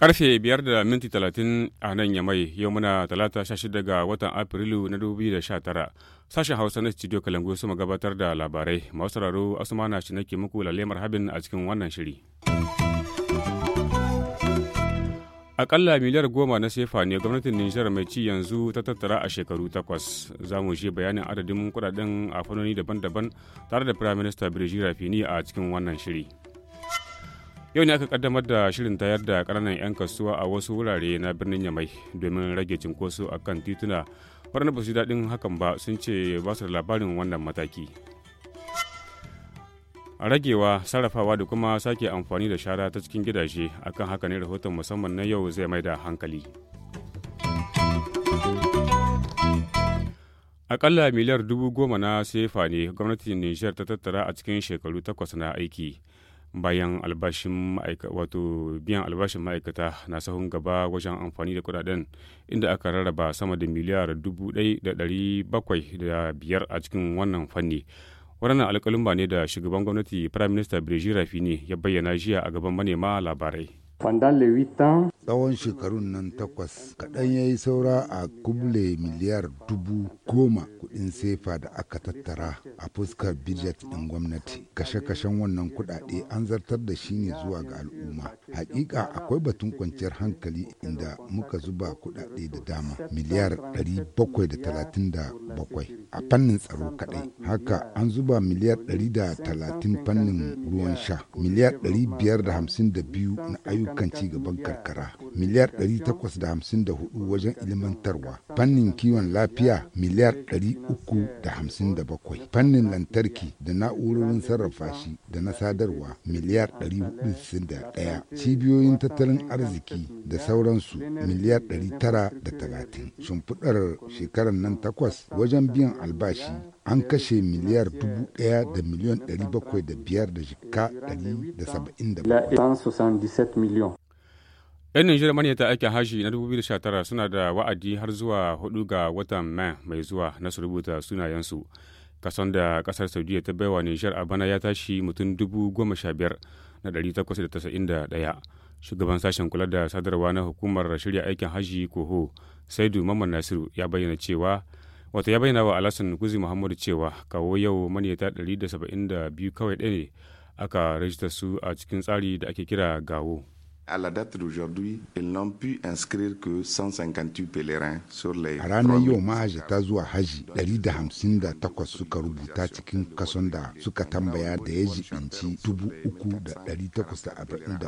karfe 5 da minti 30 a nan mai yau muna talata 16 ga watan afrilu na tara sashen hausa na studio kalangu su gabatar da labarai masu sauraro asuma na shi nake muku lalemar habin a cikin wannan shiri. akalla miliyar goma na sefa ne gwamnatin nijar mai ci yanzu ta tattara a shekaru takwas za mu je bayanin adadin kudaden a fannoni daban-daban tare da prime minister birji rafini a cikin wannan shiri yau ne aka kaddamar da shirin tayar da kananan 'yan kasuwa a wasu wurare na birnin yamai domin rage cinkoso kan tituna waɗanda ba su daɗin hakan ba sun ce ba su da labarin wannan mataki ragewa sarrafawa da kuma sake amfani da shara ta cikin gidaje akan haka ne rahoton musamman na yau zai mai da hankali akalla miliyar dubu goma na sefa ne gwamnatin niger ta tattara a cikin shekaru takwas na aiki bayan albashin wato biyan albashin ma'aikata na sahun gaba wajen amfani da kudaden inda aka rarraba sama da miliyar dubu ɗai da ɗari bakwai da biyar a cikin wannan fanni waɗannan ba ne da shugaban gwamnati prime minister brigitte rafini ya bayyana jiya a gaban manema labarai pendant les huit ans tsawon shekarun nan takwas kaɗan ya yi saura a kuble miliyar dubu goma kuɗin sefa da aka tattara a fuskar bijet ɗin gwamnati kashe-kashen wannan kuɗaɗe an zartar da shi ne zuwa ga al'umma hakika akwai batun kwanciyar hankali inda muka zuba kuɗaɗe da dama miliyar 737 a fannin tsaro kaɗai haka an zuba miliyar 130 fannin ruwan sha miliyar 552 na ayyukan ci gaban karkara miliyar 854 wajen ilimantarwa fannin kiwon lafiya miliyar 357 fannin lantarki da na'urorin sarrafa shi da na sadarwa miliyar 461 cibiyoyin tattalin arziki da sauransu miliyar 930 shimfiɗar shekarar nan takwas wajen biyan albashi an kashe miliyar dubu ɗaya da miliyan ɗari bakwai da biyar da jika ɗari da saba'in da 'Yan Nijar ta aikin hashi na 2019 suna da wa'adi har zuwa huɗu ga watan Mai mai zuwa na su rubuta sunayensu. Kason da kasar Saudiya ta baiwa Nijar a bana ya tashi mutum ɗaya Shugaban sashen kula da sadarwa na hukumar shirya aikin haji Koho, Saidu Mamman Nasiru ya bayyana cewa wata ya bayyana wa alasan Kuzi Muhammadu cewa kawo yau manyata 172 kawai ɗaya ne aka rajista su a cikin tsari da ake kira gawo. À la date d'aujourd'hui, ils n'ont pu inscrire que 158 pèlerins sur les. A ranar yau ma'ajata zuwa haji 158 suka rubuta cikin kason da suka tambaya da ya jibinci 3,843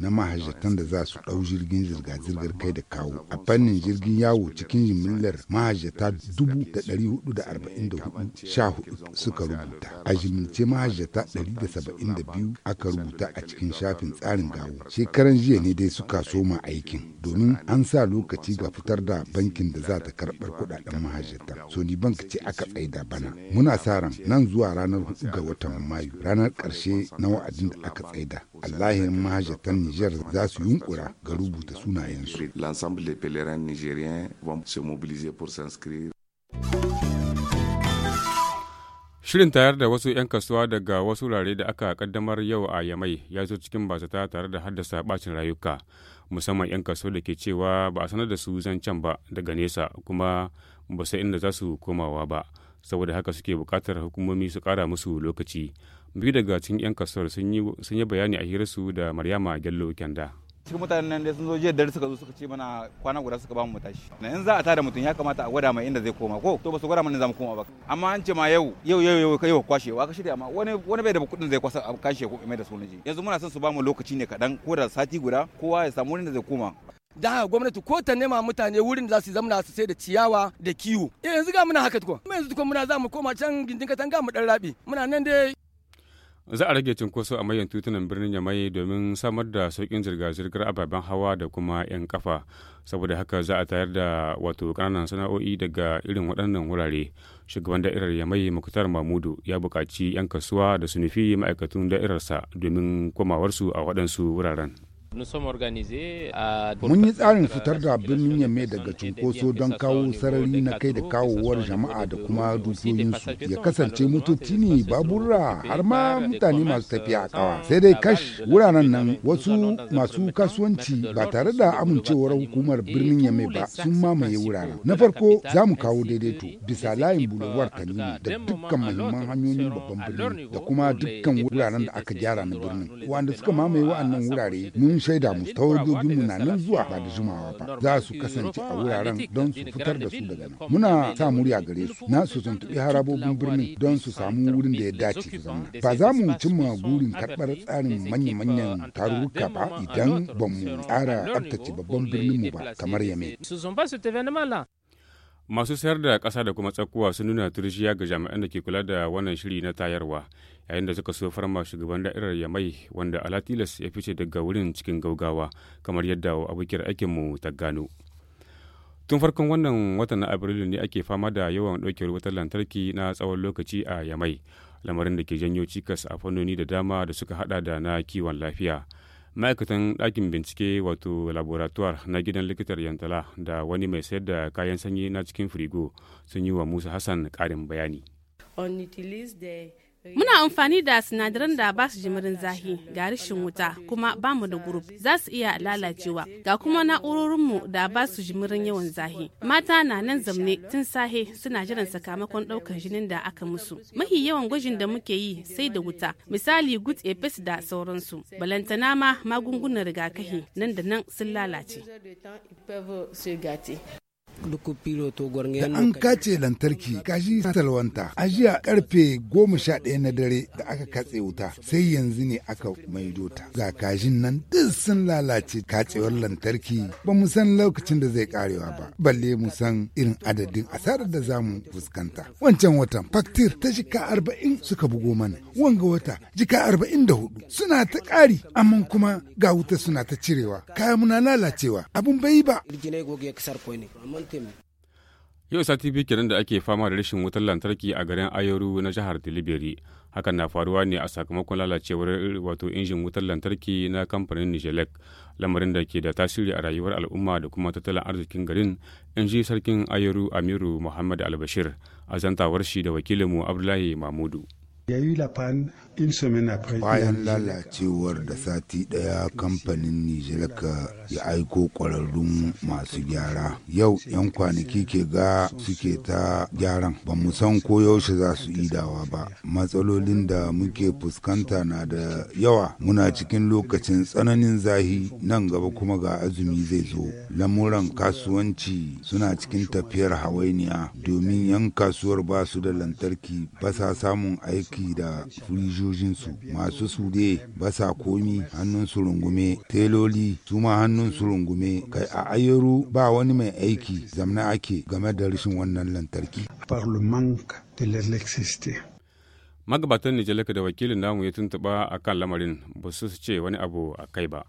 na mahajatan da za su ɗau jirgin zirga-zirgar kai da kawo. A fannin jirgin yawo cikin jimillar mahajata 4,444 suka rubuta. A jimilce mahajata 172 aka rubuta a cikin shafin tsarin gawo. Shekarar daren jiya ne dai suka soma aikin domin an sa lokaci ga fitar da bankin da za ta karɓar kuɗaɗen mahajjata. Sony Bank ce aka tsaida bana. Muna sa ran nan zuwa ranar hudu ga watan Mayu, ranar karshe na wa'adin da aka tsaida. Allahin mahajjatan Nijar za su yunkura ga rubuta sunayensu. Shirin tayar da wasu 'yan kasuwa daga wasu wurare da aka kaddamar yau a Yamai ya zo cikin bazata tare da haddasa bacin rayuka, musamman 'yan kasuwa da ke cewa ba a sanar da su zancen ba daga nesa kuma ba sai inda za su komawa ba, saboda haka suke bukatar hukumomi su kara musu lokaci. Biyu daga cikin 'yan kasuwar sun yi bayani a hirarsu da Maryama Gello Kyanda. cikin mutanen nan da sun zo jiya dare suka zo suka ce mana kwana guda suka ba mu tashi na in za a tada mutum ya kamata a gwada mai inda zai koma ko to ba su gwada mana za mu koma ba amma an ce ma yau yau yau yau kai kwashe wa ka shirya amma wani wani bai da kuɗin zai kwasa kan shi ko mai da sunan ji yanzu muna son su ba mu lokaci ne kaɗan ko da sati guda kowa ya samu wurin da zai koma da haka gwamnati ko ta nema mutane wurin da za su zamana su sai da ciyawa da kiwo eh, yanzu ga muna haka tukun yanzu tukun muna za mu koma can gindin katanga mu dan rabi muna nan dai Za a rage cinkoso a mayan titunan birnin Yamai domin samar da sauƙin zirga-zirgar ababen hawa da kuma 'yan kafa. Saboda haka za a tayar da wato ƙananan sana'o'i daga irin waɗannan wurare. Shugaban da'irar Yamai Muktar Mamudu ya buƙaci 'yan kasuwa da su nufi ma'aikatun da'irarsa domin komawarsu a waɗansu wuraren. Mun yi tsarin fitar da birnin mai daga cunkoso don kawo sarari na kai da kawowar jama'a da kuma dukiyoyinsu. Ya kasance motoci ne babura har ma mutane masu tafiya a kawa. Sai dai kash wuraren nan wasu masu kasuwanci ba tare da amincewar hukumar birnin Yamme ba sun mamaye wuraren. Na farko za mu kawo daidaito bisa layin bulawar Kanini da dukkan muhimman hanyoyin babban birnin da kuma dukkan wuraren da aka gyara na birnin. Wanda suka mamaye wa'annan wurare mun shaida mu mu na nan zuwa ba da jimawa ba za su kasance a wuraren don su fitar da su daga nan muna sa murya gare su na su tuntuɓi harabobin birnin don su samu wurin da ya dace su zama ba za mu cimma burin karɓar tsarin manya-manyan tarurruka ba idan ba mu tsara tsabtace babban birnin mu ba kamar yame masu sayar da ƙasa da kuma tsakuwa sun nuna turjiya ga jami'an da ke kula da wannan shiri na tayarwa yayin da suka so farma shugaban da'irar yamai wanda alatilas ya fice daga wurin cikin gaugawa kamar yadda abokiyar aikinmu ta gano tun farkon wannan watan na abrilu ne ake fama da yawan ɗaukewar wutar lantarki na tsawon lokaci a yamai lamarin da ke janyo cikas a fannoni da dama da suka hada da na kiwon lafiya ma'aikatan ɗakin bincike wato laboratuwar na gidan likitar yantala da wani mai sayar da kayan sanyi na cikin firigo sun yi wa musa hassan ƙarin bayani on utilize Muna amfani da sinadaran da ba su jimirin zahi ga rashin wuta kuma ba mu da gurub za su iya lalacewa ga kuma na'urorinmu da ba su jimirin yawan zahi. Mata na nan zamne tun sahe suna jiran sakamakon ɗaukar jinin da aka musu. Mahi yawan gwajin da muke yi sai da wuta misali gut epes da sauransu. Balantana ma magungunan rigakafi nan da nan sun lalace. da an kace lantarki kashi talwanta a jiya karfe goma sha ɗaya na dare da aka katse wuta sai yanzu ne aka maido ta ga kashin nan duk sun lalace katsewar lantarki ba mu san lokacin da zai karewa ba balle mu san irin adadin asarar da zamu fuskanta wancan watan faktir ta jika arba'in suka bugo mana wanga wata jika arba'in da hudu suna ta ƙari amma kuma ga wuta suna ta cirewa kaya muna lalacewa abun bai ba Yau sati biyu kenan da ake fama da rashin wutar lantarki a garin Ayoru na jihar Delivery. Hakan na faruwa ne a sakamakon lalacewar wato injin wutar lantarki na kamfanin Nijelek, lamarin da ke da tasiri a rayuwar al'umma da kuma tattalin arzikin garin, inji sarkin Ayoru Amiru Muhammad Albashir a zantawar shi da wakilinmu Abdullahi mahmudu. ya yi lafan insomin bayan lalacewar da sati daya kamfanin nijelaka ya aiko kwararrun masu gyara yau 'yan kwanaki ke ga suke ta gyaran ba mu san ko yaushe za su dawa ba matsalolin da muke fuskanta na da yawa muna cikin lokacin tsananin zahi nan gaba kuma ga azumi zai zo lamuran kasuwanci suna cikin tafiyar hawainiya domin 'yan kasuwar ba su da lantarki ba sa samun aiki aiki da firijojinsu masu sude basa komi hannun su rungume teloli su ma hannun su rungume kai a ayyaru ba wani mai aiki zamna ake game da rashin wannan lantarki magabatan nijalaka da wakilin namu ya tuntuɓa a kan lamarin ba su ce wani abu a kai ba.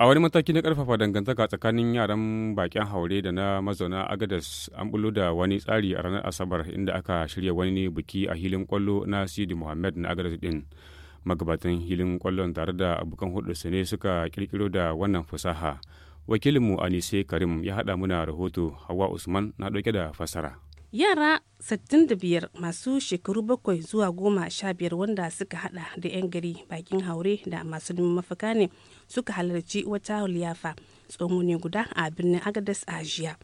a wani mataki na karfafa dangantaka tsakanin yaran bakin haure da na mazauna agadas an bulo da wani tsari a ranar asabar inda aka shirya wani biki a hilin kwallo na sidi muhammad na agadas din magabatan hilin kwallon tare da abokan hudu su ne suka kirkiro da wannan fasaha wakilinmu anise karim ya hada muna rahoto hawa usman na ɗauke da fasara yara 65 masu shekaru bakwai zuwa goma sha biyar wanda suka hada da 'yan gari bakin haure da masu neman mafaka ne suka halarci wata liyafa ne guda a birnin agadas a jiya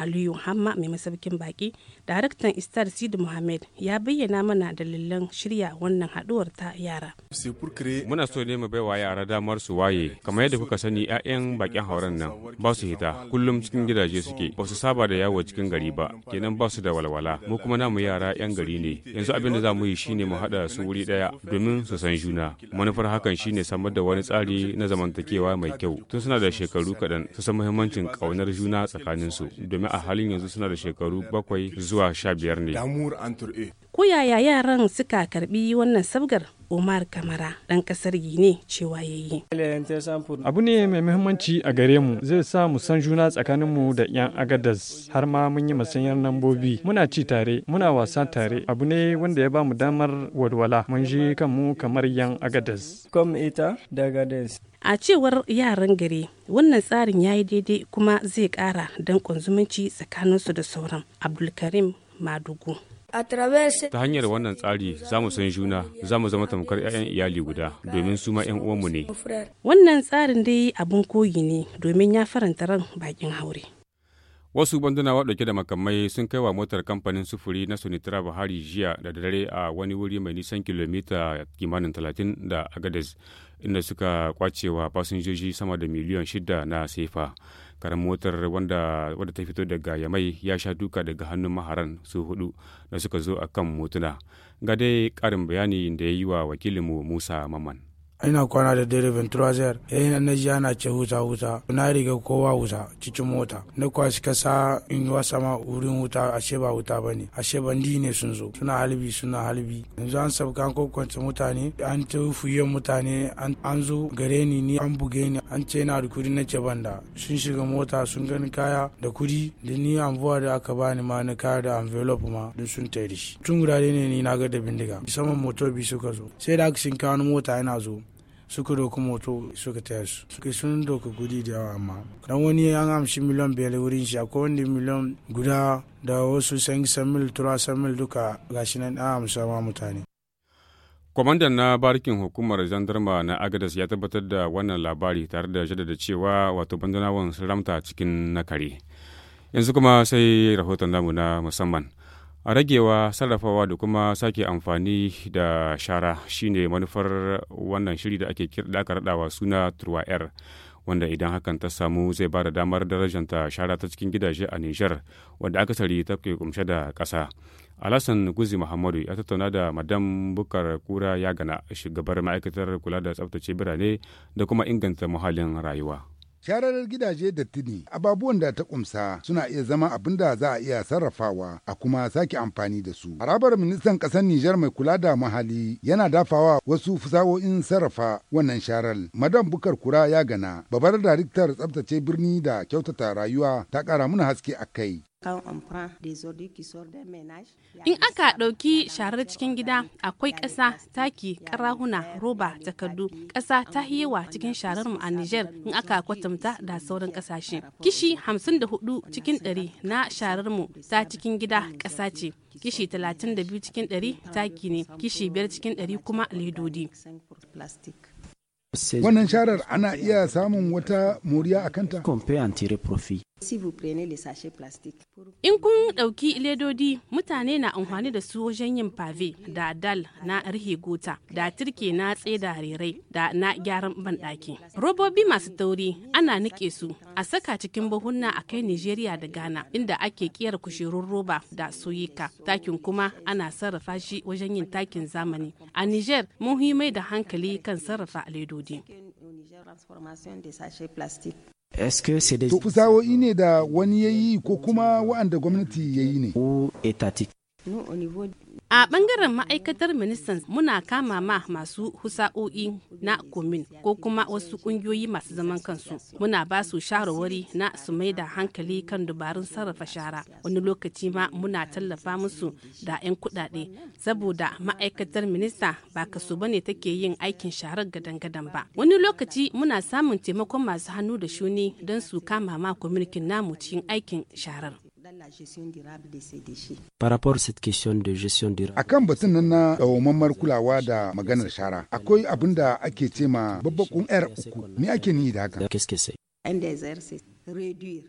aliyu hamma mai masaukin baki daraktan istar sidi muhammad ya bayyana mana dalilan shirya wannan haduwar ta yara muna so ne mu baiwa yara damar su waye kamar yadda kuka sani 'ya'yan bakin hauren nan ba su hita kullum cikin gidaje suke ba su saba da yawo cikin gari ba kenan ba su da walwala mu kuma kuma namu yara 'yan gari ne yanzu abin da za mu yi shine mu haɗa su wuri ɗaya domin su san juna manufar hakan shine samar da wani tsari na zamantakewa mai kyau tun suna da shekaru kaɗan su san muhimmancin ƙaunar juna tsakanin su domin a halin yanzu suna da shekaru bakwai zuwa sha biyar ne ko yaya yaran suka karbi wannan sabgar Umar Kamara dan ƙasar Gine cewa yayi. Abu ne mai muhimmanci a gare mu zai sa mu san juna tsakanin mu da 'yan agadas har ma mun yi musanyar nambobi muna ci tare muna wasa tare abu ne wanda ya ba mu damar walwala mun ji kanmu kamar 'yan agadas. Kom ita daga des. A cewar yaran gare, wannan tsarin yayi daidai kuma zai ƙara danƙon zumunci tsakaninsu da sauran Abdulkarim Madugu. a Ta hanyar wannan tsari za mu san juna, za mu zama tamkar 'ya'yan iyali guda domin su ma 'yan uwanmu ne. Wannan tsarin dai abin koyi ne domin ya faranta ran bakin haure. Wasu bandunawa ɗauke da makamai sun kai wa motar kamfanin sufuri na Sunitra Buhari jiya da dare a wani wuri mai nisan kilomita kimanin 30 da Agadez inda suka kwacewa fasinjoji sama da miliyan shida na sefa. karan motar wanda wadda ta fito daga yamai ya sha duka daga hannun maharan su hudu da suka zo akan motuna ga dai karin bayani da ya yi wa wakilinmu musa maman ina kwana da dare ventura zayar eh, yi na ji na ce huta huta na riga kowa huta cikin mota na kwashi kasa in yi wasa ma wurin huta ashe ba wuta ba ne ashe bandi ne sun zo suna halbi suna halbi yanzu an sabka an kwakwance mutane an tufuye mutane an zo gare ni ni an buge ni an ce na da kudi na ce banda sun shiga mota sun gani kaya da kudi da ni ambuwa da aka bani ma na kaya da envelope ma duk sun da shi tun guda ne ni na ga da bindiga musamman motobi suka zo sai da aka shinkawa mota yana zo suka doku moto suka taya su suka sun doka gudi da yawa amma dan wani an amshi miliyan biyar wurin shi akwai wanda miliyan guda da wasu san mil tura mil duka gashi nan an amsa ma mutane kwamandan na barikin hukumar zandarma na agadas ya tabbatar da wannan labari tare da jaddada cewa wato bandanawan sun ramta cikin nakare yanzu kuma sai rahoton namu na musamman a ragewa sarrafawa da kuma sake amfani da shara shine manufar wannan shiri da ake kirɗa aka raɗawa suna turwa'yar wanda idan hakan ta samu zai ba da damar darajanta shara ta cikin gidaje a niger wanda akasari ta ke kumshe da ƙasa alhassan guzi muhammadu ya tattauna da madam bukar kura ya gana shugabar ma'aikatar kula da tsabtace birane da kuma inganta muhallin rayuwa sharar gidaje da tuni ababuwan da ta kumsa suna iya zama abin da za a iya sarrafawa a kuma sake amfani da su. Harabar ministan ƙasar Nijar mai kula da mahali yana dafawa wasu fusawo'in sarrafa wannan sharar. Madam Bukar Kura ya gana, babar Dariktar tsabtace birni da kyautata rayuwa ta ƙara mana haske a kai. In aka ɗauki sharar cikin gida akwai ƙasa, taki, ƙarahuna, roba, takardu. Ƙasa ta yawa cikin shararmu a Nijar in aka kwatanta da sauran ƙasashe. Kishi 54 cikin 100 na shararmu ta cikin gida ƙasa ce. Kishi 32 cikin 100 taki ne, kishi 5 cikin 100 kuma ledodi. Wannan sharar ana iya samun wata moriya a kanta? In kun ɗauki ledodi mutane na amfani da su wajen yin pave da dal na rihe gota da turke na tseda rerai da na gyaran banɗaki. Robobi masu tauri ana nike su a saka cikin buhunna a kai Nigeria da Ghana inda ake kiyar kushirun roba da soyika. Takin kuma ana sarrafa shi wajen yin takin zamani. A Niger mun mai da hankali kan sarrafa ledodi. To fasahohi ne da wani ya yi ko kuma wa'anda gwamnati ya yi ne? A bangaren ma'aikatar ministan muna kama ma masu husa'o'i na komin ko kuma wasu ƙungiyoyi masu zaman kansu. Muna ba su shawarwari na su mai da hankali kan dubarun sarrafa shara. Wani lokaci ma muna tallafa musu da 'yan kuɗaɗe saboda ma'aikatar minista ba ba bane take yin aikin sharar gadangadan ba. Wani lokaci muna samun taimakon masu hannu da shuni don su kama ma kwaminikin namu cikin aikin sharar. Par rapport à cette question de gestion durable. Qu'est-ce que c'est? c'est réduire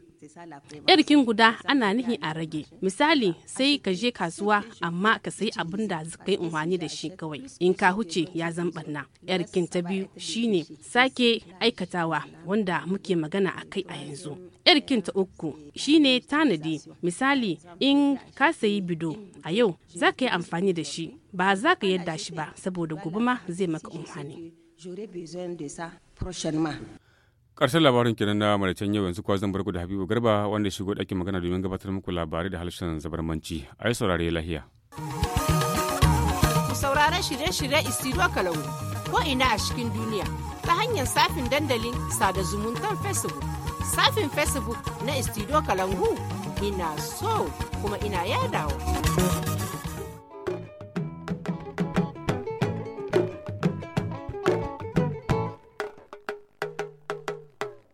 Irkin guda ana nihi a rage. Misali sai ka je kasuwa amma ka sayi abin da kai unhwani da shi kawai. In ka huce ya zan barna. Irkin ta biyu shine sake aikatawa wanda muke magana a kai a yanzu. Irkin ta uku shine tanadi. Misali in ka sayi bido a yau za ka yi amfani da shi ba za ka yadda shi ba saboda gobe ma zai maka umfani. karshen labarin kenan na maraicen yau yanzu kuwa zan barku da habibu garba wanda shigo ɗakin magana domin gabatar muku labarai da harshen zabarmanci a yi saurare lahiya. ku sauraron shirye-shirye isidro kalau ko ina a cikin duniya ta hanyar safin dandalin sada zumuntar facebook safin facebook na isidro kalangu ina so kuma ina yadawa.